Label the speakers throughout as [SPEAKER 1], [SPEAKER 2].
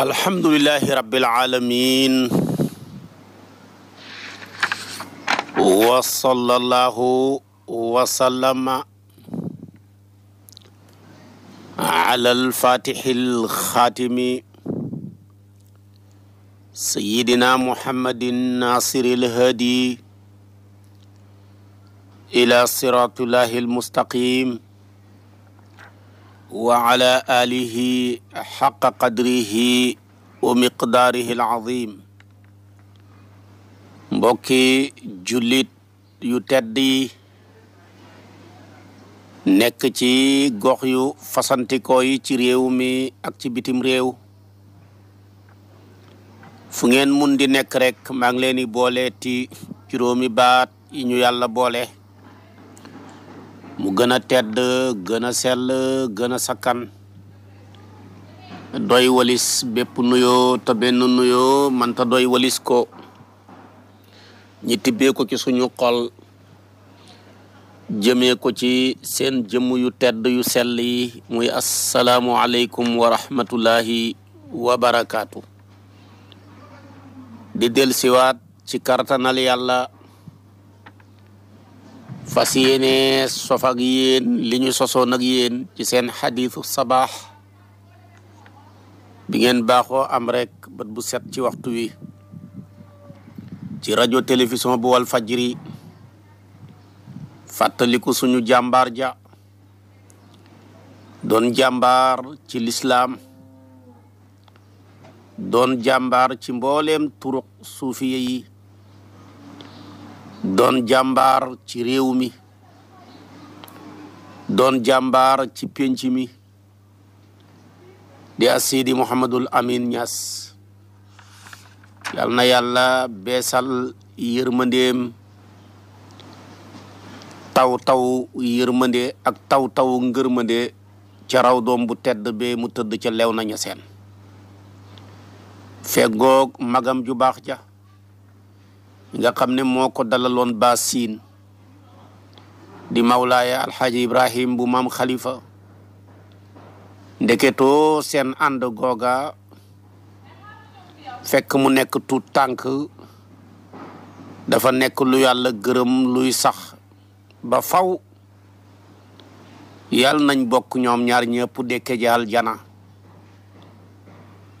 [SPEAKER 1] alhamdulillahi rabbil aalamiin wa sallallahu wa sallama ala alfaatihi alxaatimi sayyidina muhammadin naasiri alhaadi ila siraatillahi almustaqim wa ala alihi xaqa qadrihi wa miqdaarihi alazim mbokki jullit yu tedd yi nekk ci gox yu fasantikoo yi ci réew mi ak ci bitim réew fu ngeen mun di nekk rek maa ngi leen di boole ti juróomi baat yi ñu yàlla boole mu gën a tedd gën a sell gën a sakkan doy walis bépp nuyoo te nuyoo manta doy walis ko ñi tibbee ko ci suñu xol jëmee ko ci seen jëmm yu tedd yu sell yi muy asalaamu aleykum wa rahmatullahi barakaatu di del ci kartanal yàlla fas yéene sof li ñu sosoon ak yéen ci seen xadiisu sabaax bi ngeen baaxoo am rek bët bu set ci waxtu wi ci rajo télévision bu wal fajri fàttaliku suñu jàmbaar ja doon jàmbaar ci lislaam doon jàmbaar ci mbooleem turuq suufiye yi doon jàmbaar ci réew mi doon jàmbaar ci pénc mi di a sidi amin ñas yal na yàlla beesal yërmandeem taw taw yërmande ak taw taw ngërmande ca raw doom bu tedd be mu tëdd ca lew na ña seen feggoog magam ju baax ja nga xam ne moo ko dalaloon ba siin di mawlaaya alxaaji ibrahim bu maam xalifa ndeketoo seen ànd googa fekk mu nekk tuut tànk dafa nekk lu yàlla gërëm luy sax ba faw yàlla nañ bokk ñoom ñaar ñëpp dekke jaal jana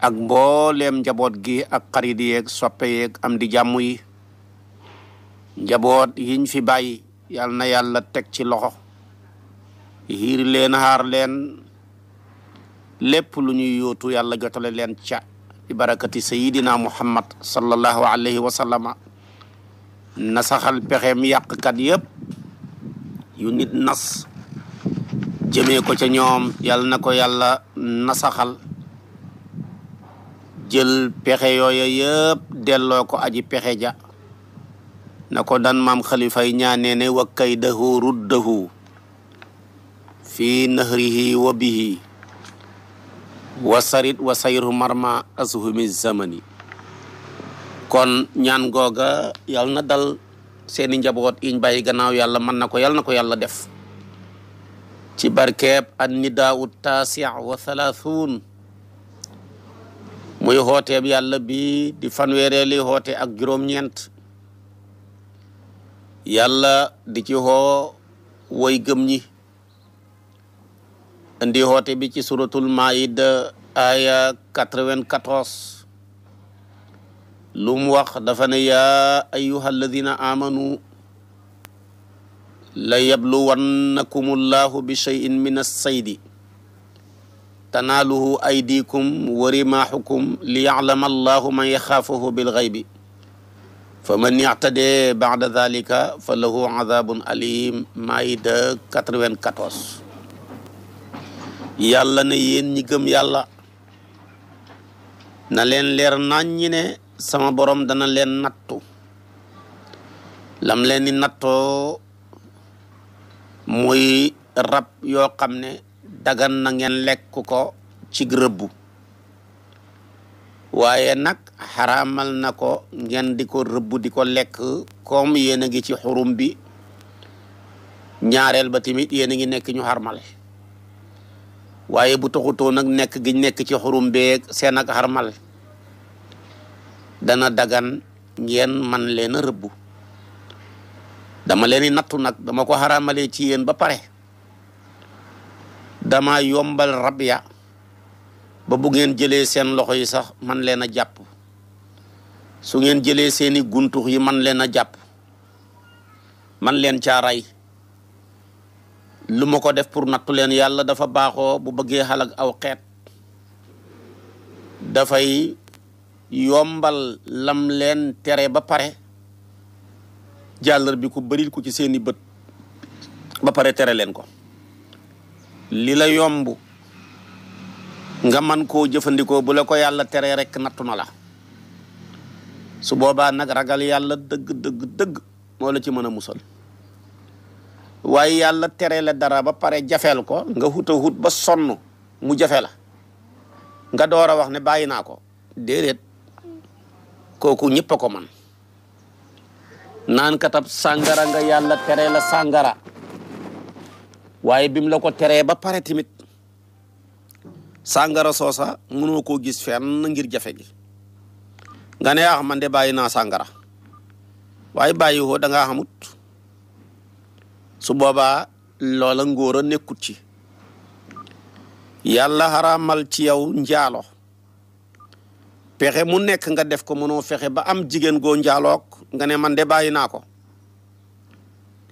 [SPEAKER 1] ak mbooleem njaboot gi ak xarit yeeg soppe yeeg am di jàmm yi njaboot yiñ fi bàyyi yal na yàlla teg ci loxo xiir leen xaar leen lépp lu ñuy yóotu yàlla jotale leen ca bi barakati sayidina muhammad sallallahu alayhi wa sallama nasaxal pexeem yàqkat yëpp yu nit nas jëmee ko ca ñoom yal na ko yàlla nasaxal jël pexe yooya yëpp ko aji pexe ja na ko dan maam xalifa yi ñaanee ne ruddahu fi nahrihi wa bihi wa marma azhumi zamani kon ñaan googa yal na dal seeni njaboot yiñ bàyyi gannaaw yàlla mën na ko yal na ko yàlla def ci barkeeb an nidaau taasi wa thalaathuun muy xooteeb yàlla bi di fanweereeli xoote ak juróom-ñeent yàlla di ci xoo woy gëm ñi indi xoote bi ci suratul maida aya 94 lu mu wax dafa ne yaa ayuha alladina amanu la yabluwannakum allahu bi cheyin min assaydi tanaaluhu aydikum wa rimaaxukum li yaclama allahu man yaxaafahu bilxaybi fa man yactadee bada dalika fa lahu azabun alim maida 94 yàlla na yéen ñi gëm yàlla na leen leer naññi ne sama borom dana leen nattu lam leen di nattoo muy rab yoo xam ne dagan na ngeen lekk ko ci rëbbu waaye nag xaraamal na ko ngeen di ko rëbb di ko lekk kom yéen a ngi ci xurum bi ñaareel ba tamit yéen a ngi nekk ñu xarmal waaye bu taxutoo nag nekk gi nekk ci xurum beeg seen ak xarmal dana dagan ngeen man leen a rëbb dama leen i nattu nag dama ko xaramalee ci yéen ba pare dama yombal rabya ba bu ngeen jëlee seen loxo yi sax man leen a jàpp su ngeen jëlee seeni guntux yi man leen a jàpp man leen caaray lu ma ko def pour nattu leen yàlla dafa baaxoo bu bëggee xalak aw xeet dafay yombal lam leen tere ba pare jàllar bi ku bëril ko ci seeni bët ba pare tere leen ko li la yomb nga man koo jëfandikoo bu la ko yàlla teree rek nattu na la su boobaa nag ragal yàlla dëgg dëgg dëgg moo la ci mën a musal waaye yàlla tere la dara ba pare jafeel ko nga xuta xut ba sonn mu jafe la nga door a wax ne bàyyi naa ko déedéet kooku ñëpp a ko man naan katab sàngara nga yàlla tere la sàngara waaye bim la ko teree ba pare tamit sàngara soosa mënoo koo gis fenn ngir jafe gi nga ne ah man de bàyyi naa sàngara waaye bàyyi woo da xamut su boobaa loola ngóor a nekkut ci yàlla xaraamal ci yow njaalo pexe mu nekk nga def ko mënoo fexe ba am jigéen goo njaaloog nga ne man de bàyyi naa ko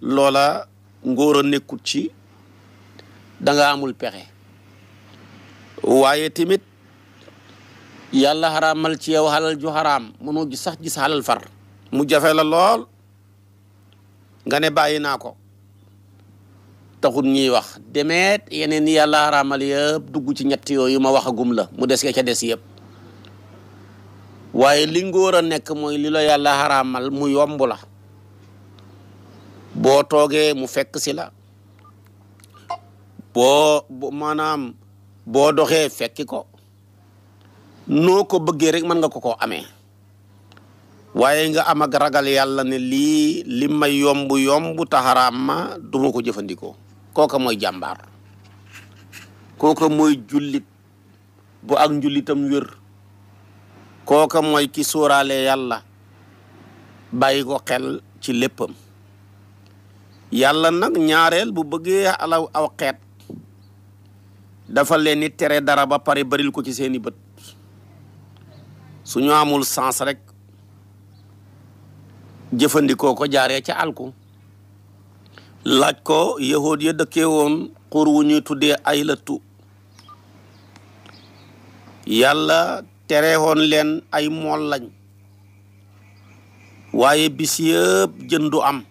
[SPEAKER 1] loola ngóor a nekkut ci danga amul pexe waaye tamit yàlla xaraamal ci yow xalal ju xaraam mënoo gis sax gis xalal far mu jafe la lool nga ne bàyyi naa ko taxul ñuy wax demeet yeneen yàlla xaraamal yëpp dugg ci ñett yooyu ma waxagum la mu des ca des yëpp waaye li ngóor a nekk mooy li la yàlla xaraamal mu yomb la boo toogee mu fekk si la boo maanaam boo doxee fekki ko noo ko bëggee rek mën nga ko koo amee waaye nga am ak ragal yàlla ne lii li ma yomb yomb taxaraam ma du ma ko jëfandikoo kooka mooy jàmbaar kooka mooy jullit bu ak njullitam wér kooka mooy ki sóoraale yàlla bàyyi ko xel ci léppam yàlla nag ñaareel bu bëggee alaw aw xeet dafa leen ni tere dara ba pare baril ko ci seeni bët su ñu amul sens rek jëfandikoo ko jaaree ci alku laaj ko yahood ya dëkkee woon xur wu ñuy tuddee ay lëttu yàlla terewoon leen ay mool lañ waaye bis yëpp jëndu am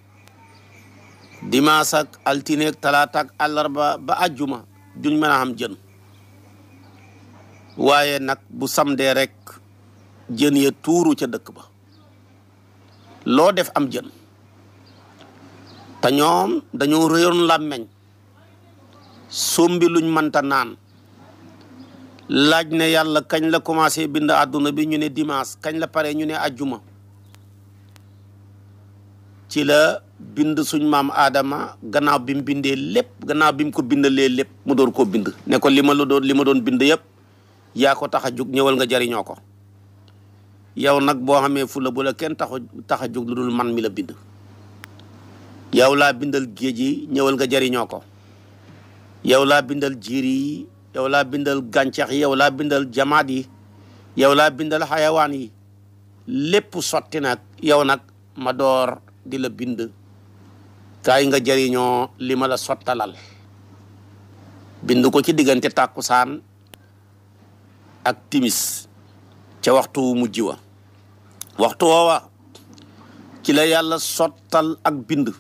[SPEAKER 1] dimaas ak altineeg talaataak àllarba ba àjjuma duñ mën a am jën waaye nag bu samdee rek jën ya tuuru ca dëkk ba loo def am jën te ñoom dañoo réyoon làmmeñ sombi luñ mënta naan laaj ne yàlla kañ la commencé bind àdduna bi ñu ne dimanche kañ la pare ñu ne ajjuma ci la bind suñ maam aadama gannaaw bi mu bindee lépp gannaaw bim mu ko bindalee lépp mu door koo bind ne ko li ma la doon li ma doon bind yëpp yaa ko tax a jóg ñëwal nga jariñoo ko yow nag boo xamee fu la bu kenn taxu tax a jóg lu dul man mi la bind yow laa bindal géej yi ñëwal nga jariñoo ko yow laa bindal jiir yi yow laa bindal gàncax yi yow laa bindal jamaat yi yow laa bindal xayawaan yi lépp sotti nag yow nag ma door di la bind kaay nga jariñoo li ma la sottalal bind ko ci diggante tàkkusaan ak timis ca waxtu wu mujj wa waxtu woowa ci yàlla sottal ak bind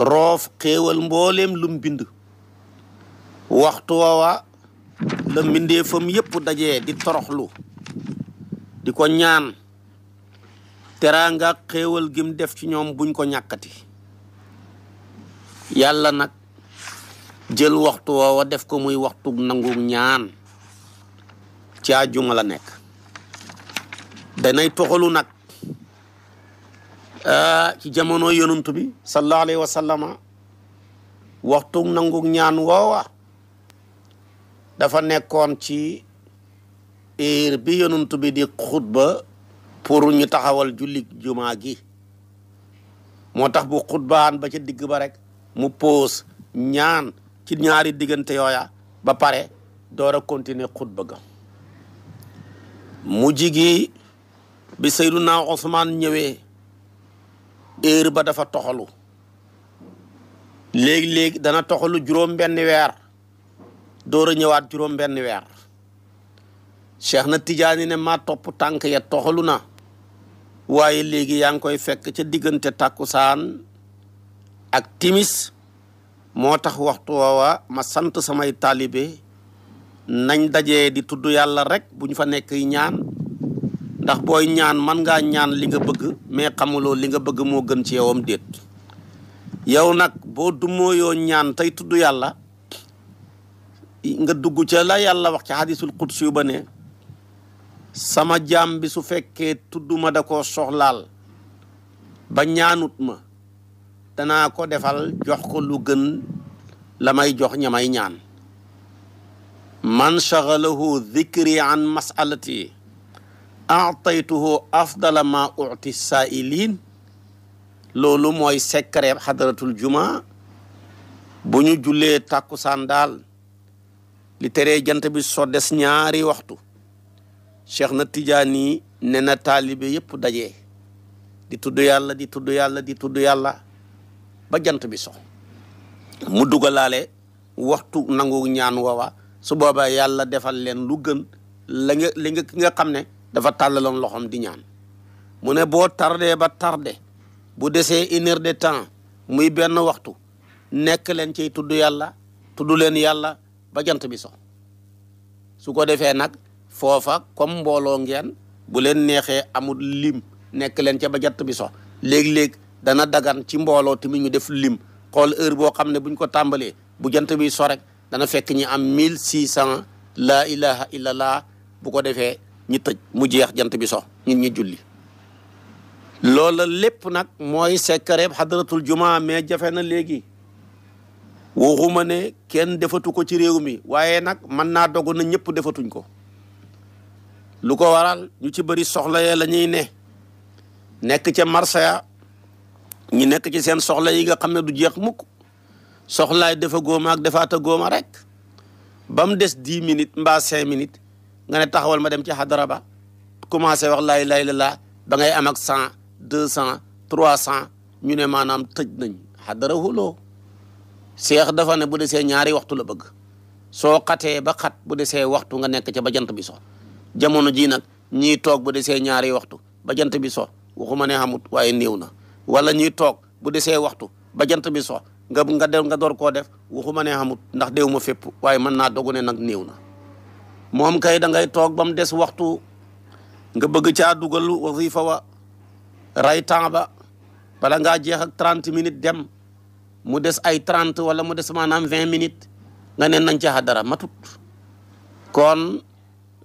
[SPEAKER 1] roof xéewal mbooleem lum bind waxtu woowa la mbindeefam yépp dajee di toroxlu di ko ñaan teraanga xéewal gim def ci ñoom buñ ko ñàkkati yàlla nag jël waxtu woowa def ko muy waxtu nangu ñaan ci àjjuma la nekk danay toxalu nag ah, ci jamono yonent bi sallallahu alayhi wa sallama waxtu nangu ñaan woowa dafa nekkoon ci heure bi yonent bi di xutba pour ñu taxawal julli juma gi moo tax bu xutbaan ba ca digg ba rek mu poos ñaan ci ñaari diggante yooya ba pare doora a continuer xutba mu jigi bi Seydunaa Osmaan ñëwee heure ba dafa toxalu léegi-léegi dana toxalu juróom benn weer door a ñëwaat juróom benn weer Cheikh na Tijaani ne maa topp tànk ya toxalu na waaye léegi yaa ngi koy fekk ca diggante tàkkusaan ak timis moo tax waxtu woowa ma sant samay taalibe nañ dajee di tudd yàlla rek bu ñu fa nekk ñaan ndax booy ñaan man ngaa ñaan li nga bëgg mais xamuloo li nga bëgg moo gën ci yowam déet yow nag boo dumooyoo ñaan tey tudd yàlla nga dugg ca la yàlla wax ci hadisul qudsi yu ba ne sama jaam bi su fekkee tudduma da koo soxlaal ba ñaanut ma danaa ko defal jox ko lu gën la may jox ñamay ñaan man shagalahu dikri an masalati ataytuhu afdala ma uti saailin loolu mooy secret xadaratul juma bu ñu jullee tàkkusaan daal li teree jant bi so des ñaari waxtu cheikh na tijaani ne na taalibe yëpp daje di tudd yàlla di tudd yàlla di tudd yàlla ba jant bi so mu dugalaale waxtu nangu ñaan woowa su boobaa yàlla defal leen lu gën la nga li nga ki nga xam ne dafa tàllaloon loxoom di ñaan mu ne boo tardé ba tardé bu desee une heure de temps muy benn waxtu nekk leen ciy tudd yàlla tudd leen yàlla ba jant bi so su ko defee nag foofa comme mbooloo ngeen bu leen neexee amul lim nekk leen ca jant bi so léeg-léeg dana dagan ci mbooloo tamit ñu def lim xool heure boo xam ne buñ ko tàmbalee bu jant bi so rek dana fekk ñi am mille six cent laa ilaha illallah bu ko defee ñi tëj mu jeex jant bi so ñun ñi julli loola lépp nag mooy sekkareeb xadratul jumaa mais jafe na léegi waxuma ne kenn defatu ko ci réew mi waaye nag mën naa dogu na ñëpp defatuñ ko lu ko waral ñu ci bëri soxla ya la ñuy ne nekk ca marché ya nekk ci seen soxla yi nga xam ne du jeex mukk soxlaay dafa góoma ak defaata góoma rek ba mu des dix minutes mbaa cinq minutes nga ne taxawal ma dem ci xadara ba commencé wax laay laay la laa ba ngay am ak cent deux cent trois cent ñu ne maanaam tëj nañ xadara xuloo seex dafa ne bu desee ñaari waxtu la bëgg soo xatee ba xat bu desee waxtu nga nekk ca ba jant bi so jamono jii nag ñii toog bu desee ñaari waxtu ba jant bi so waxuma ne xamut waaye néew na wala ñii toog bu desee waxtu ba jant bi so nga nga de nga door koo def waxuma ne xamut ndax déew ma fépp waaye mën naa dogu ne nag néew na moom kay da ngay toog ba mu des waxtu nga bëgg caa dugal wasifa wa ray temps ba bala ngaa jeex ak trente minutes dem mu des ay trente wala mu des maanaam vingt minutes nga ne nañ ca dara matut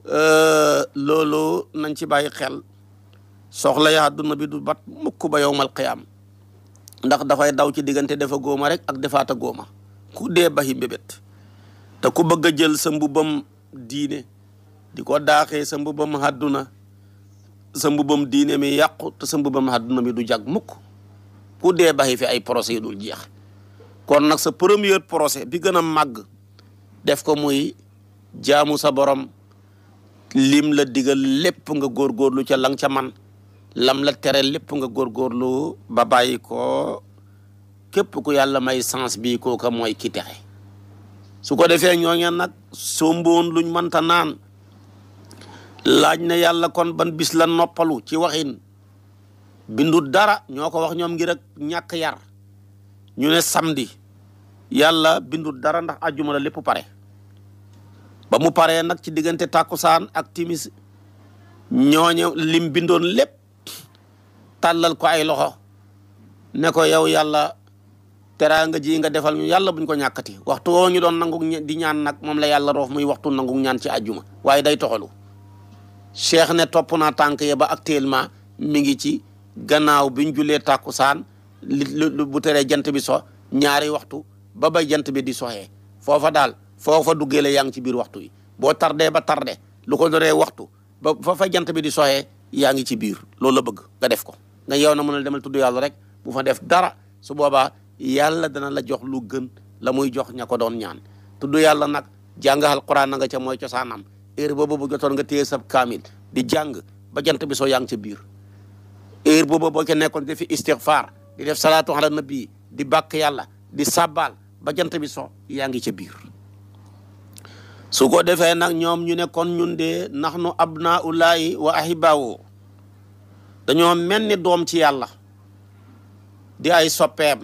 [SPEAKER 1] Euh, loolu nañ ci bàyyi xel soxla ya àdduna bi du bat mukk ba yowmal qiyaam ndax dafay daw ci diggante dafa góoma rek ak defaata góoma ku dee baxi mbébét te ku bëgg a jël sa mbubbam diine di ko daaxee sa mbubbam àdduna sa mbubam diine mi yàqu te sa mbubam àdduna mi du jag mukk ku dee baxi fi ay procès yu dul jeex kon nag sa premier procès bi gën a màgg def ko muy jaamu sa borom lim la digal lépp nga góorgóorlu ca lang ca man lam la tere lépp nga góorgóorlu ba bàyyi ko képp ku yàlla may sens bi kooka mooy ki texe su ko defee ñoo ngeen nag somboon luñ mënta naan laaj na yàlla kon ban bis la noppalu ci waxin bindul dara ñoo ko wax ñoom ngira ak ñàkk yar ñu ne samedi yàlla bindul dara ndax àjjuma la lépp pare ba mu paree nag ci diggante saan ak timis ñooñu lim bindoon lépp tàllal ko ay loxo ne ko yow yàlla nga ji nga defal ñu yàlla buñ ko ñàkkati waxtu woo ñu doon nangu di ñaan nag moom la yàlla roof muy waxtu nangu ñaan ci àjjuma waaye day toxalu cheikh ne topp naa tànk ya ba actuellement mi ngi ci gannaaw biñ julee tàkkusaan li bu teree jant bi so ñaari waxtu ba bay jant bi di soxee foofa daal foo fa duggee la yaa ngi ci biir waxtu yi boo tardee ba tardé lu ko doree waxtu ba fa fa jant bi di soxee yaa ngi ci biir loolu la bëgg nga def ko nga yow na mën a demal tudd yàlla rek bu fa def dara su boobaa yàlla dana la jox lu gën la muy jox ña ko doon ñaan tudd yàlla nag jàngal Alquran na nga ca mooy cosaanam heure boobu bu jotoon nga téye sab kaamil di jàng ba jant bi soo yaa ngi ca biir heure boobu boo ca nekkoon defi istighfar di def salaatu ala nabi di bàkk yàlla di sabbal ba jant bi so yaa ngi ca biir su ko defee nag ñoom ñu ne kon ñun de nax nu abnaa ulaahi wa ahibaawu dañoo mel ni doom ci yàlla di ay soppeem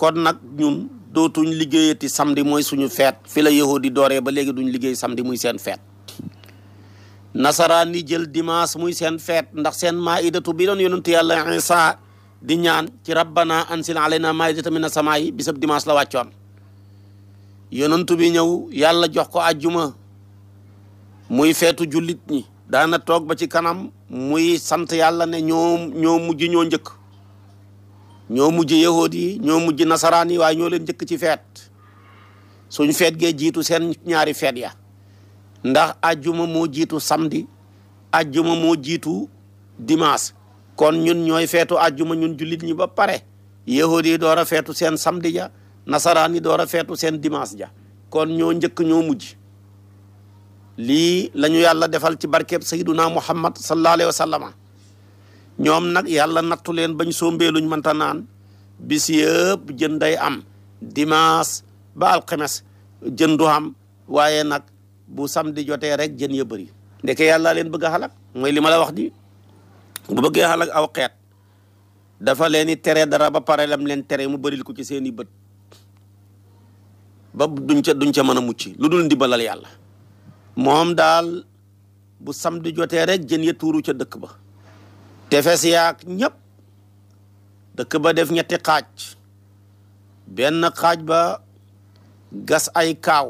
[SPEAKER 1] kon nag ñun dootuñ liggéeyati samedi mooy suñu feet fi la di dooree ba léegi duñ liggéey samedi muy seen feet nasaraan yi jël dimanche muy seen feet ndax seen maa maidatu bi doon yonentu yàlla Isa di ñaan ci rabbana ansil alayna na mina bi bisab dimanche la wàccoon yonantu bi ñëw yàlla jox ko ajjuma muy feetu jullit ñi daana toog ba ci kanam muy sant yàlla ne ñoo mujj ñoo njëkk ñoo mujj yahood ñoo mujj nasaraan yi waaye ñoo leen njëkk ci feet suñ feet jiitu seen ñaari feet ya ndax ajjuma moo jiitu samdi ajjuma moo jiitu dimanche kon ñun ñooy feetu ajjuma ñun jullit ñi ba pare yahood yi door feetu seen samedi ja nasaraan yi door a feetu seen dimanche ja kon ñoo njëkk ñoo mujj lii lañu yàlla defal ci barkeb sayyiduna muhammad sallallahu alayhi wa sallama ñoom nag yàlla nattu leen bañ sombee luñ mënta naan bis yëpp jën day am dimanche ba alxemes jën du am waaye nag bu samedi jotee rek jën ya bëri ndeke yàlla leen bëgg a xalak mooy li ma la wax di bu bëggee xalak aw xeet dafa leen i tere dara ba pare lam leen tere mu bëril ko ci seeni bët ba duñ ca duñ ca mën a mucc lu dul ndimbalal yàlla moom daal bu samdi jotee rek jën ya tuuru ca dëkk ba tefes yaak ñëpp dëkk ba def ñetti xaaj benn xaaj ba gas ay kaaw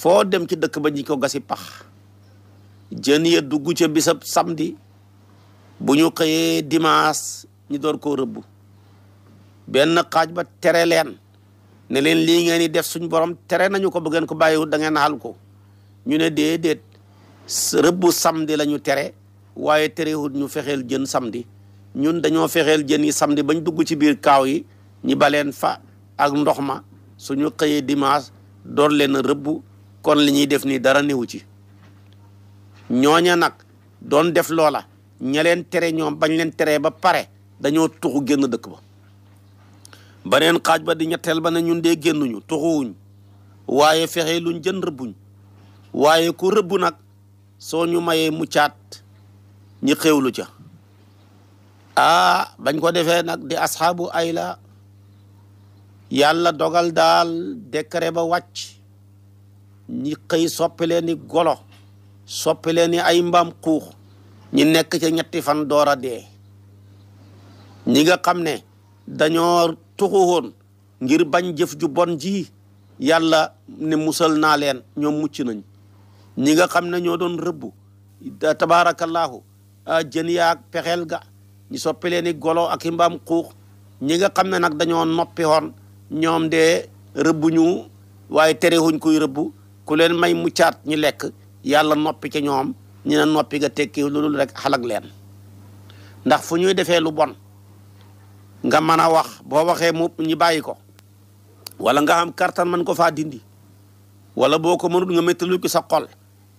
[SPEAKER 1] foo dem ci dëkk ba ñi ko gasi pax jën ya dugg ca bisab samedi bu ñu xëyee dimaas ñu door koo rëbb benn xaaj ba tere leen ne leen lii ngeen di def suñ borom tere nañu ko bu ko bàyyiwut da ngeen xal ko ñu ne déedéet rëbbu samedi la ñu tere waaye terewut ñu fexeel jën samedi ñun dañoo fexeel jën yi samedi bañ dugg ci biir kaaw yi ñi baleen fa ak ndox ma suñu xëyee dimanche door leen rëbb kon li ñuy def nii dara newu ci ñooña nag doon def loola ña leen tere ñoom bañ leen teree ba pare dañoo tuxu génn dëkk ba baneen kaaj ba di ñetteel ba ne ñun dee génnuñu tuxuwuñ waaye fexe luñ jën rëbbuñ waaye ku rëbbu nag soo ñu mayee mu caat ñi xewlu ca aa ah, bañ ko defee nag di asxaabu ay la yàlla dogal daal décret ba wàcc ñi xëy soppi leen ni golo soppi ni ay mbaam xuux ñi nekk ca ñetti fan door dee ñi nga xam ne dañoo tuxu woon ngir bañ jëf ju bon ji yàlla ne musal naa leen ñoom mucc nañ ñi nga xam ne ñoo doon rëbb tabaarakallaahu jën yaag pexeel ga ñu soppi leen golo ak i mbaam xuux ñi nga xam ne nag dañoo noppi woon ñoom de rëbbuñu waaye terewuñ kuy rëbb ku leen may muccaat ñi lekk yàlla noppi ca ñoom ñu ne noppi nga tekki lu dul rek xalag leen ndax fu ñuy defee lu bon nga mën a wax boo waxee mu ñi bàyyi ko wala nga am kartan man ko faa dindi wala boo ko mënut nga méttalu ci sa xol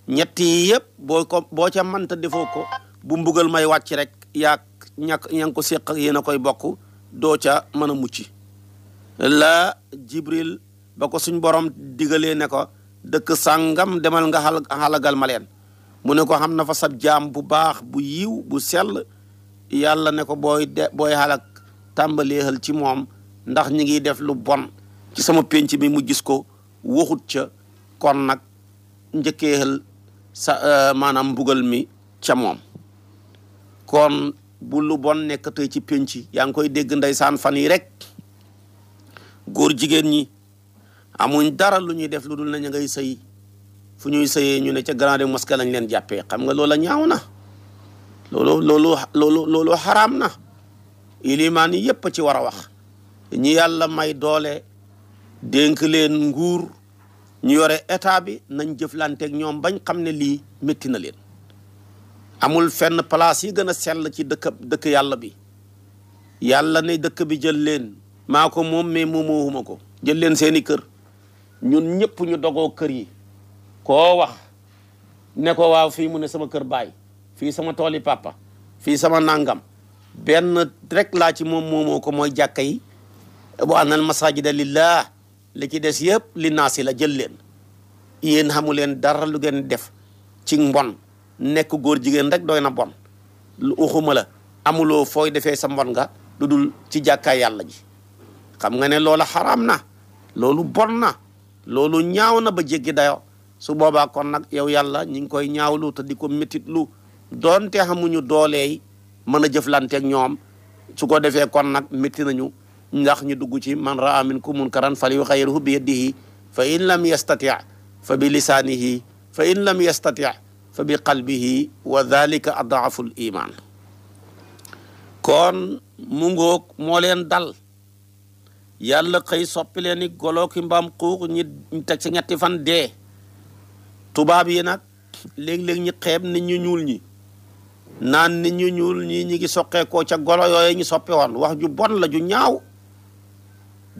[SPEAKER 1] ñetti yi yëpp boo ko boo ca mënta defoo ko bu mbugal may wàcc rek yak ñàkk ña ngi ko séq ak yéen a koy bokk doo ca mën a mucc la jibril ba ko suñ borom digalee ne ko dëkk sàngam demal nga xal xalagal ma leen mu ne ko xam na fa sab jaam bu baax bu yiw bu sell yàlla ne ko booy de booy xalak tàmbaleexal ci moom ndax ñi ngi def lu bon ci sama pénc mi mu gis ko waxut ca kon nag njëkkeexal sa euh, maanaam mbugal mi ca moom kon bu lu bon nekkatee ci pénc yaa ngi koy dégg ndeysaan fan yi rek góor jigéen ñi amuñ dara lu ñuy def lu dul na ñu sëy fu ñuy sëyee ñu ne ca grande mosquée lañ leen jàppee xam nga loola ñaaw na loolu loolu loolu loolu xaraam na ilimaan yépp a ci war a wax ñi yàlla may doole dénk leen nguur ñu yore état bi nañ jëflanteeg ñoom bañ xam ne lii métti na leen amul fenn place yi gën a sell ci dëkk dëkk yàlla bi yàlla ne dëkk bi jël leen maa ko moom mais moomoowuma ko jël leen seeni kër ñun ñëpp ñu dogoo kër yi ko wax ne ko waaw fii mu ne sama kër baay fi sama tooli papa fii sama nangam benn rek laa ci moom moomoo ko mooy jàkka yi wa anal masajida lillah li ci des yëpp li naasi la jël leen yéen xamu leen dara lu ngeen def ci mbon nekk góor jigéen rek doy na bon lu uxuma la amuloo fooy defee sa mbon nga lu dul ci jàkkaay yàlla ji xam nga ne loola xaraam na loolu bon na loolu ñaaw na ba jéggi dayo su boobaa kon nag yow yàlla ñi ngi koy ñaawlu te di ko métit lu doonte xamuñu dooleey mën a jëflanteeg ñoom su ko defee kon nag métti nañu ndax ñu dugg ci man raa minkum munkaran falyughayyirhu bi yadihi fa in lam yastati fa bi lisaanihi fa in lam yastati fa bi qalbihi wa dhalika adaful iman kon mu ngoog moo leen dal yalla xëy soppi leen ni ki mbaam xuux ñi teg ci ñetti fan dee tubaab yi nag léeg-léeg ñi xeeb nit ñu ñuul ñi naan nit ñu ñuul ñi ñu ngi soqeekoo ca golo yooyu ñu soppi woon wax ju bon la ju ñaaw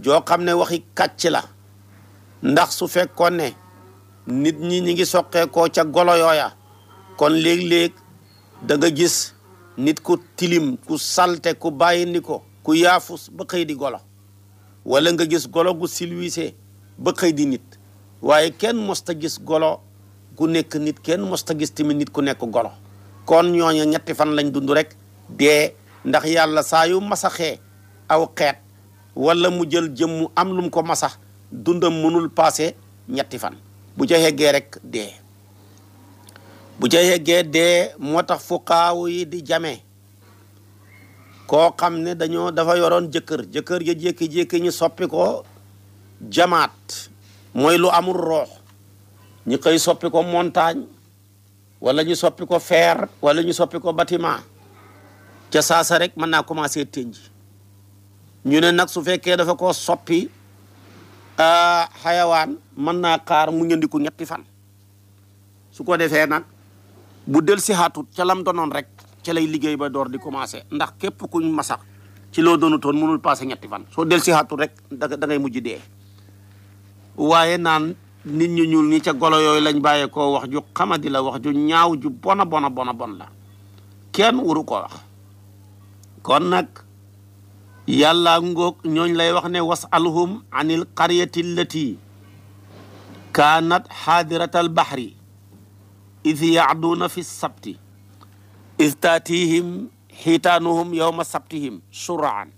[SPEAKER 1] joo xam ne waxi kàcc la ndax su fekkoon ne nit ñi ñu ngi soqeekoo ca golo yooya kon léeg-léeg da nga gis nit ku tilim ku salte ku bàyyi ni ko ku yaafus ba xëy di golo wala nga gis golo gu silwiise ba xëy di nit waaye kenn mosta gis golo gu nekk nit kenn mosta gis tamit nit ku nekk golo kon ñooñu ñetti fan lañ dund rek dee ndax yàlla saa yu masaxee aw xeet wala mu jël jëmmu am lum ko masax dundam mënul passé ñetti fan bu ca gee rek dee bu ca yeggee dee moo tax fuqaaw yi di jamee koo xam ne dañoo dafa yoroon jëkkër jëkkër ja jékki-jékki ñu soppi ko jamaat mooy lu amul roox ñu koy soppi ko montagne wala ñu soppi ko fer wala ñu soppi ko bâtiment ca saasa rek mën naa commencé tënj ñu ne nag su fekkee dafa ko soppi xayawaan mën naa xaar mu ñëndiku ñetti fan su ko defee nag bu del si xaatut ca lam doonoon rek ca lay liggéey ba door di commencé ndax képp kuñ masax ci loo toon mënul passé ñetti fan soo del si xaatut rek da ngay mujj dee waaye naan nit ñu ñuul ñi ca golo yooyu lañ bàyyee koo wax ju xamadi la wax ju ñaaw ju bona bona bona bon la kenn waru ko wax kon nag yàlla ngoog ñooñ lay wax ne wasalhum anil qaryati allati kaanat xaadirata albahri id yacduuna fi sabti id taatihim xiitaanuhum yowma sabtihim suraan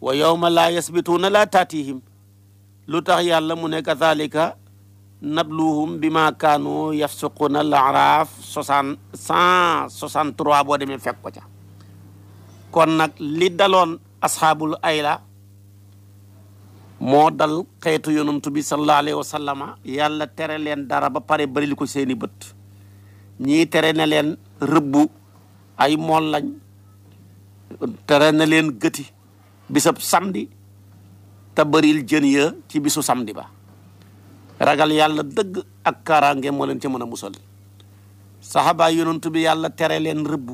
[SPEAKER 1] wa yowma laa yasbituuna laa taatihim lu tax yàlla mu ne kadalika nabluhum bi ma kaanu yafsuquuna al araaf soixante trois boo demee fekk ko ca kon nag li daloon asxaabul ayla moo dal xeetu yonantu bi sallallahu alayhi wa sallama yàlla tere leen dara ba pare bëri ko seeni bët ñii tere na leen rëbbu ay mool lañ tere na leen gëti bisab samedi te baril jën ya ci bisu samdi ba ragal yàlla dëgg ak kaaraange moo leen ca mën a musal saxabaay yonent bi yàlla tere leen rëbb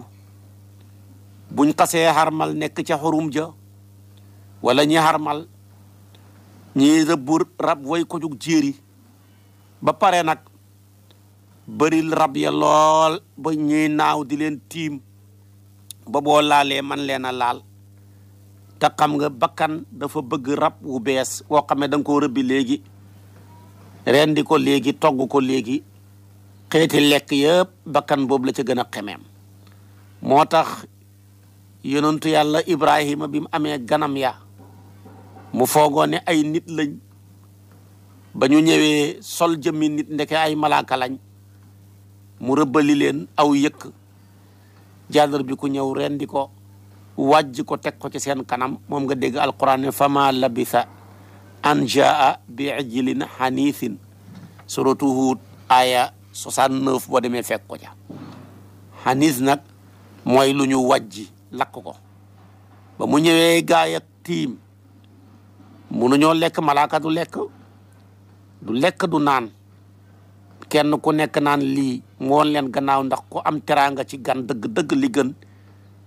[SPEAKER 1] buñ xasee xarmal nekk ca xarum ja wala ñi xarmal ñi rëbb rab woy ko jug jéeri ba pare nag bëril rab ya lool ba ñuy naaw di leen tiim ba boo laalee man leen a laal te xam nga bakkan dafa bëgg rab wu bees woo xam ne da nga koo rëbbi léegi rendi ko léegi togg ko léegi xeeti lekk yépp bakkan boobu la ca gën a xemeem moo tax yonentu yàlla ibrahima bi mu amee ganam ya mu foogoo ne ay nit lañ ba ñu ñëwee sol jëmmi nit ndeke ay malaaka lañ mu rëbbali leen aw yëkk jaadar bi ku ñëw rendi ko wàjj ko teg ko ci seen kanam moom nga dégg alquran ne fama labitha an jaa bi ajlin xaniithin suratu Huud aya 69 boo demee fekk ko ca xaniis nag mooy lu ñu wàjji lakk ko ba mu ñëwee gaay ak tiim munuñoo lekk malaaka du lekk du lekk du naan kenn ku nekk naan lii moon leen gannaaw ndax ku am teraanga ci gan dëgg-dëgg li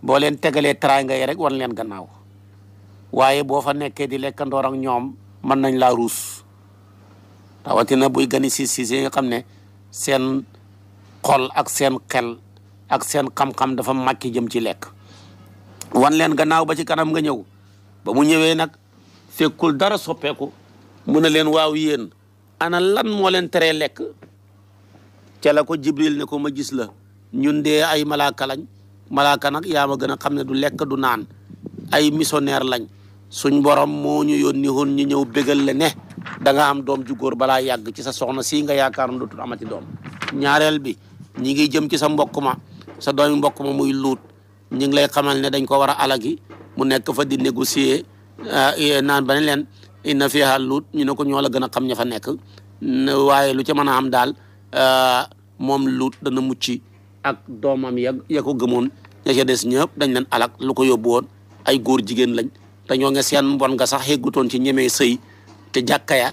[SPEAKER 1] boo leen tegalee teraanga yi rek wan leen gannaaw waaye boo fa nekkee di lekkandoor ak ñoom mën nañ laa ruus rawatina buy gani si siis yi nga xam ne seen xol ak seen xel ak seen xam-xam dafa màcc jëm ci lekk wan leen gannaaw ba ci kanam nga ñëw ba mu ñëwee nag fekkul dara soppeeku mu ne leen waaw yéen ana lan moo leen teree lekk ca la ko jibril ne ko ma gis la ñun dee ay malaaka lañ malaaka nag yaa ma gën a xam ne du lekk du naan ay missionnaire lañ suñ borom moo ñu yónni woon ñu ñëw bégal la ne da am doom ju góor balaa yàgg ci sa soxna si nga yaakaaroon dootul amati doom ñaareel bi ñi ngi jëm ci sa mbokk ma sa doomi mbokk ma muy luut ñi ngi lay xamal ne dañ ko war a alagi mu nekk fa di négocier euh, naan ba leen inna fiha luut ñu ne ko ñoo la gën a xam ña fa nekk waaye lu ca mën a am daal euh, moom luut dana mucc ak doomam ya ya gëmoon ña des ñëpp dañ leen alak lu ko yóbbu woon ay góor jigéen lañ te ñoo nge seen mbon nga sax xéggutoon ci ñemee sëy te jàkka ya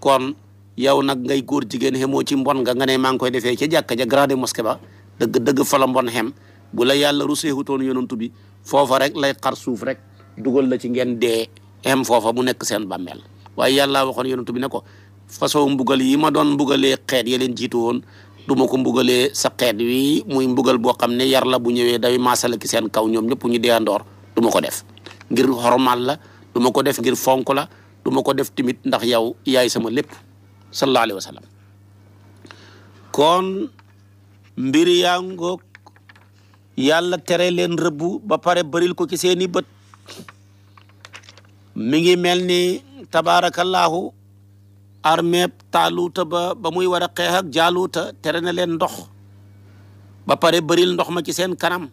[SPEAKER 1] kon yow nag ngay góor jigéen xemoo ci mbon nga nga ne maa ngi koy defee ca jàkka ja grande mosquée ba dëgg dëgg fa mbon xem bu la yàlla ruseexutoon yonantu bi foofa rek lay xar suuf rek dugal la ci ngeen dee xem foofa mu nekk seen bàmmeel waaye yàlla waxoon yonantu bi ne ko façon mbugal yi ma doon mbugalee xeet ya leen jiitu woon du ma ko mbugalee sa xeet wii muy mbugal boo xam ne yar la bu ñëwee day maasala ki seen kaw ñoom ñëpp ñu deyandoor du ko def ngir xormal la du ko def ngir fonk la du ko def timit ndax yow yaay sama lépp sallallahu alayhi wa kon mbir yaa ngoog yàlla tere leen rëbbu ba pare baril ko ci seeni bët mi ngi mel ni tabaarakallaahu armeeb taaluuta ba ba muy war a xeex ak tere na leen ndox ba pare baril ndox ma ci seen kanam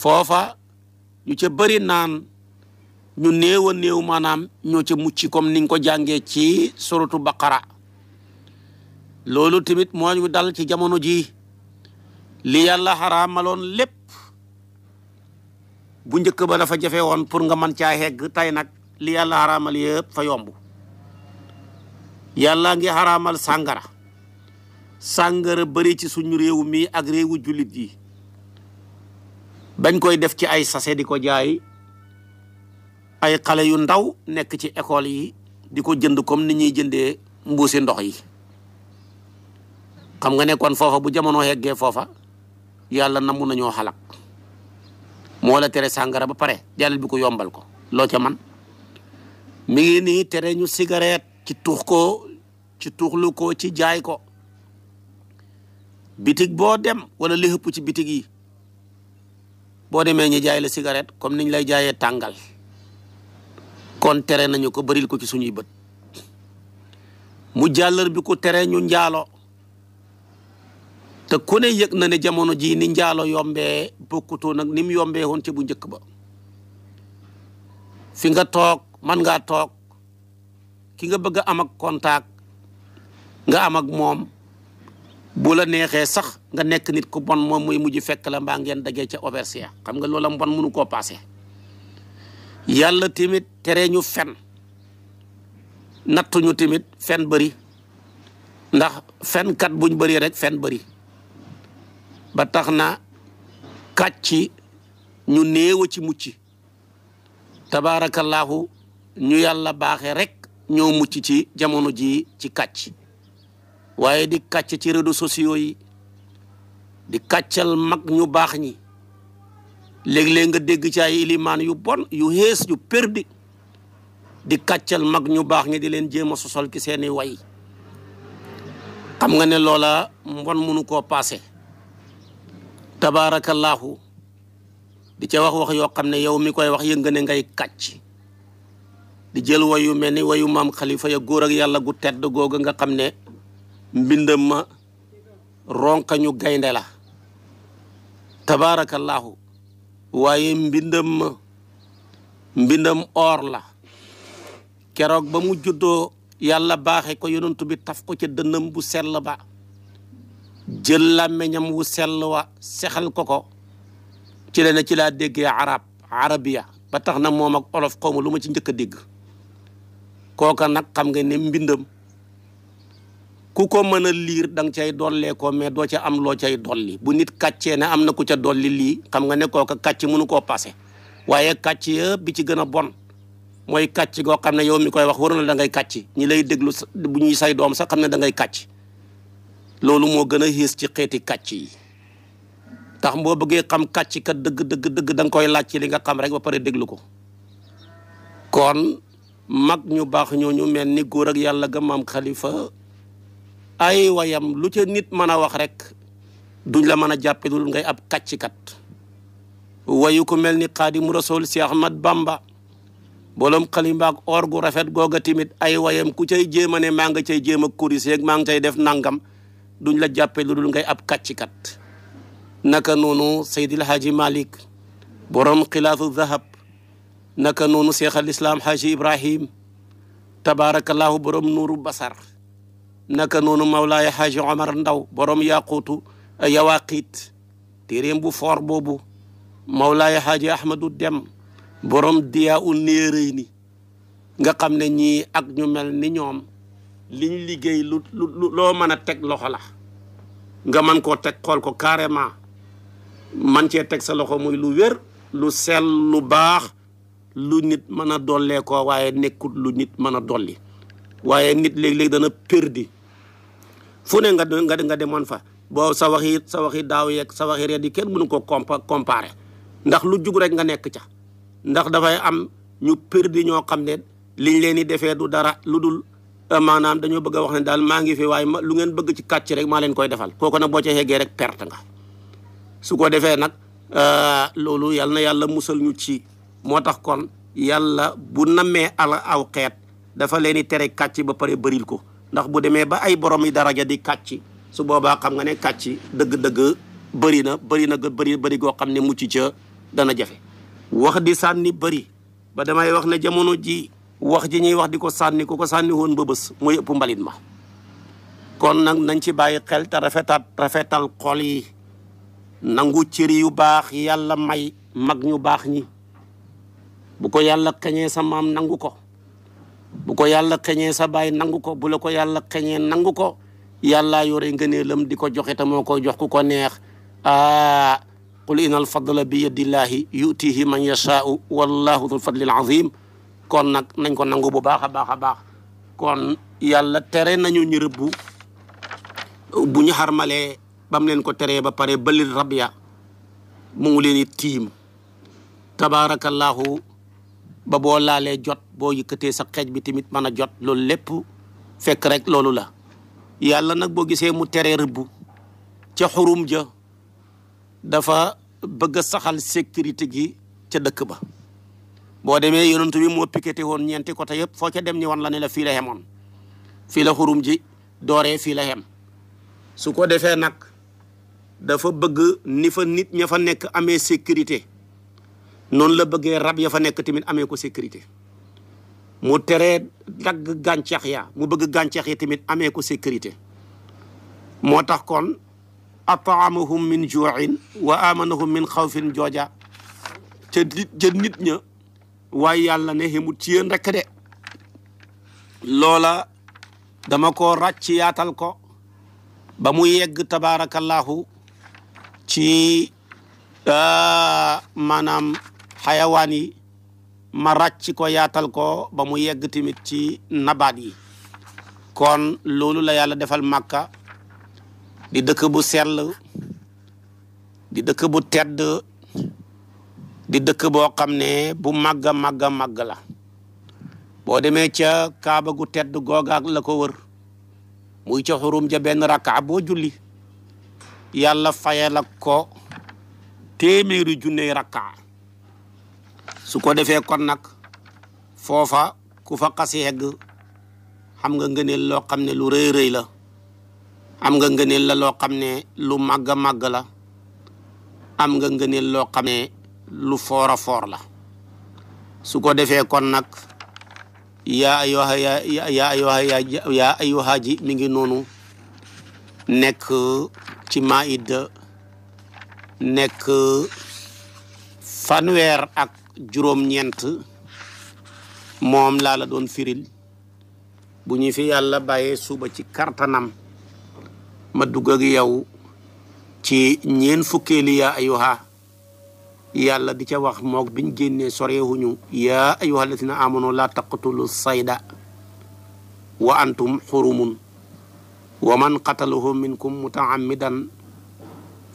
[SPEAKER 1] foofa ñu ca bari naan ñu néew a néew maanaam ñoo ca mucc comme ni nga ko jàngee ci suratu baqara loolu tamit moo ñu dal ci jamono ji li yàlla xaraamaloon lépp bu njëkk ba dafa jafewoon pour nga mën caa hegg tey nag li yàlla xaraamal yëpp fa yomb yàlla ngi xaraamal sàngara sàngara bari ci suñu réew mi ak réewu jullit yi bañ koy def ci ay sachet di ko jaay ay xale yu ndaw nekk ci école yi di ko jënd comme ni ñuy jëndee mbuusi ndox yi xam nga nekkoon foofa bu jamono yeggee foofa yàlla namu nañoo xalak moo la tere sàngara ba pare jàllal bi ko yombal ko loo ca man mi ngi nii tere ñu cigarette ci tuux ko ci tuuxlu ko ci jaay ko bitig boo dem wala li ëpp ci bitik yi boo demee ñu jaay la cigarette comme niñ lay jaayee tàngal kon tere nañu ko bëril ko ci suñuy bët mu jàllar bi ko tere ñu njaalo te ku ne yëg na ne jamono ji ni njaalo yombee bokkutoo nag ni mu yombee woon ci bu njëkk ba fi nga toog man ngaa toog ki nga bëgg a am ak contact nga am ak moom bu la neexee sax nga nekk nit ku bon moom muy mujj fekk la mbaa ngeen dagee ca oversia xam nga loola mbon mënu koo paase yàlla tamit tere ñu fen nattuñu tamit fen bëri ndax fenkat buñ bëri rek fen bari ba tax na kàcci ñu néew a ci mucc tabaarakallaahu ñu yàlla baaxe rek ñoo mucc ci jamono ji ci kàcc waaye di kàcc ci réseaux sociaux yi di kàccal mag ñu baax ñi léeg-léeg nga dégg ci ay ilimaan yu bon yu xees yu perdi di kàccal mag ñu baax ñi di leen jéem a sosol ki seeni way xam nga ne loola mbon munu koo paase tabaarakallaahu di ca wax wax yoo xam ne yow mi koy wax yënga ne ngay kàcc di jël wayu mel ni wayu maam xalifa ya góor ak yàlla gu tedd googa nga xam ne mbindam ma ronkañu gaynde la tabaarakallaahu waaye mbindam ma mbindam or la keroog ba mu juddoo yàlla baaxe ko yonentu bi taf ko ci dënnam bu sell ba jël làmmiñam wu sell wa sexal ko ko ci la ne ci laa déggee arab arabiya ba tax na moom ak olof xawma lu ma ci njëkk a dégg kooka nag xam nga ne mbindam ku ko mën a liir da cay dollee ko mais doo ca am loo cay dolli bu nit kàccee ne am na ku ca dolli lii xam nga ne kooka kàcc mënu koo passé waaye kàcc yëpp bi ci gën a bon mooy kàcc goo xam ne yow mi koy wax waroon da ngay kàcc ñi lay déglu bu ñuy say doom sax xam ne da ngay kàcc loolu moo gën a xiis ci xeeti kàcc yi tax boo bëggee xam kàcc kat dëgg dëgg danga koy laaj ci li nga xam rek ba pare déglu ko kon mag ñu baax ñooñu mel ni góor ak yàlla ga maam xalifa ay wayam lu ca nit mën a wax rek duñ la mën a jàppe dul ngay ab kàccikat wayu ko mel ni xaadimu rasul si ahmad bamba bolom xalimbaak or gu rafet googa timit ay wayam ku cay jéem a ne maa nga cay jéem a kuriseeg maa ngi cay def nangam duñ la jàppe lu dul ngay ab kàccikat naka noonu seydil haaji malik borom xilaasu zahab naka noonu cheikh al islam haaji ibrahim tabarakallahu borom nuuru basar naka noonu Mawlaaya Xaaji Omar Ndaw borom yaquutu yawaaqiit téeréem bu foor boobu Mawlaaya Xaaji Ahmadu Dem borom diyaa u néeréy ni nga xam ne ñii ak ñu mel ni ñoom liñ liggéey lu loo mën a teg loxo la nga mën koo teg xool ko carrément man cee teg sa loxo muy lu wér lu sell lu baax lu nit mën a dollee ko waaye nekkut lu nit mën a dolli waaye nit léeg-léeg dana perdi fu ne nga nga nga demoon fa boo sa waxi sa daaw yeeg sa waxi red yi kenn mënu ko compa comparé ndax lu jug rek nga nekk ca ndax dafay am ñu perdi ñoo xam ne liñ leen di defee du dara lu dul euh, maanaam dañoo bëgg a wax ne daal maa ngi fi waaye lu ngeen bëgg ci kàcc rek maa leen koy defal kooku nag boo ca xeegee rek perte nga su ko defee nag euh, loolu yal na yàlla musal ñu ci moo tax kon yàlla bu namee ala aw xeet dafa leen di tere kàcc ba pare bëril ko ndax bu demee ba ay borom yi dara ja di kàcc su boobaa xam nga ne kàcc dëgg-dëgg bëri na bëri na bari bëri goo xam ne mucc ca dana jafe. wax di sànni bari ba damay wax ne jamono ji wax ji ñuy wax di ko sànni ko ko sànni woon ba bës mooy ëpp mbalit ma. kon nag nañ ci bàyyi xel te rafetal xool yi nangu cëri yu baax yàlla may mag ñu baax ñi bu ko yàlla kañee sa maam nangu ko. bu ko yàlla xeñee sa baay nangu ko bu ko yàlla xeñee nangu ko yàllaa yore ngëneelam di ko joxe te moo koy jox ku ko neex aa qul ina alfadla bi yadillahi yutihi man yashaau wallahu dul fadlil azim kon nag nañ ko nangu bu baax a baax a baax kon yàlla tere nañu ñu rëbbu bu ñu xarmalee bam leen ko tere ba pare balil rabya mu ngi leen i tiim tabaarakallahu ba boo laalee jot boo yëkkatee sa xeej bi tamit mën a jot loolu lépp fekk rek loolu la yàlla nag boo gisee mu teree rëbb ca xurum ja dafa bëgg a saxal sécurité gi ca dëkk ba boo demee yonent bi moo piqueté woon ñeenti côté yëpp foo ca dem ñi wan la ne la fii la xemoon fii la xurum ji dooree fii la xem su ko defee nag dafa bëgg ni fa nit ña fa nekk amee sécurité noonu la bëggee rab ya fa nekk tamit amee ko sécurité mu tere dagg gàncax ya mu bëgg gàncax ya tamit amee ko sécurité moo tax kon ataamahum min juin wa amanahum min xawfin jooja ca nit ca nit ña waaye yàlla ne xemut ci yéen rek de loola dama ko ràcc yaatal ko ba mu yegg tabaarakallaahu ci maanaam xayawaan yi ma racc ko yaatal ko ba mu yegg tamit ci nabaat yi kon loolu la yàlla defal màkka di dëkk bu sel di dëkk bu tedd di dëkk boo xam ne bu màgg a màgg màgg la boo demee ca kaaba gu tedd googaak la ko wër muy ca xurum ja benn rakka boo julli yàlla fayal ak ko téeméeri junney rakka su ko defee kon nag foofa ku fa xas yegg xam nga ngëneel lo xam ne lu rëy rëy la am nga ngëneel la loo xam ne lu màgg a màgg la am nga ngëneel loo xam ne lu foor a la su ko defee kon nag yaa ayyuha yaa ayyuha ji mi ngi noonu nekk ci maïda nekk fanweer ak juróom-ñeent moom laala doon firil bu ñu fi yàlla bàyyee suba ci kartanam ma dugg ak yow ci ñeen fukkeeli yaa ayuha yàlla di ca wax mook biñ génnee soreewuñu yaa ayuha alladina amanu laa taqtulu sayda wa antum xurumun wa man qatalahu minkum mutaammidan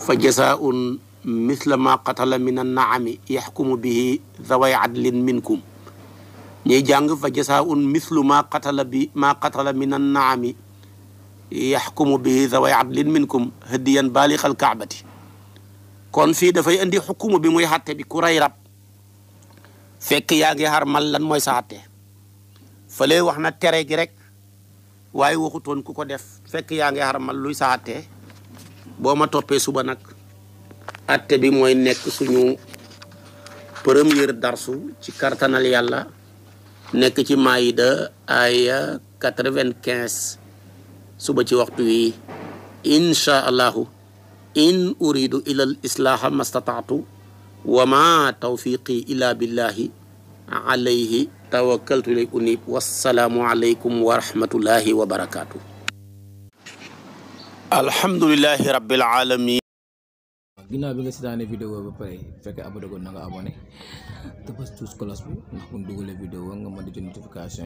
[SPEAKER 1] fa jasaun misla ma qatala min an naami yaxkumu bihi zaway adlin minkum ñuy jàng fa jasaun mislu ma qatala bi ma min an naami yaxkumu bihi zaway adlin minkum hadiyan baalixal kaabati kon fii dafay indi xukumu bi muy xatte bi ku rey rab fekk yaa ngi xar mal lan mooy sa xatte fële wax na tere gi rek waaye waxutoon ku ko def fekk yaa ngi xar mal luy sa xatte boo ma toppee suba nag atte bi mooy nekk suñu premier darsu ci kartanal yàlla nekk ci maayida aaya quatre-vingt-quinze suba ci waxtu wi insha allahu in uridu ila al islaaha mastataatu wa ma tawfiqi ila billahi alayhi tawakkaltu lay unib wassalaamu alaykum wa rahmatullahi wa barakatuh ginnaaw bi nga seetaane vidéo ba pare fekkee abonné ko na nga abonné te bës tous cloche bi ndax bu ñu dugalee vidéo nga mën di jot notification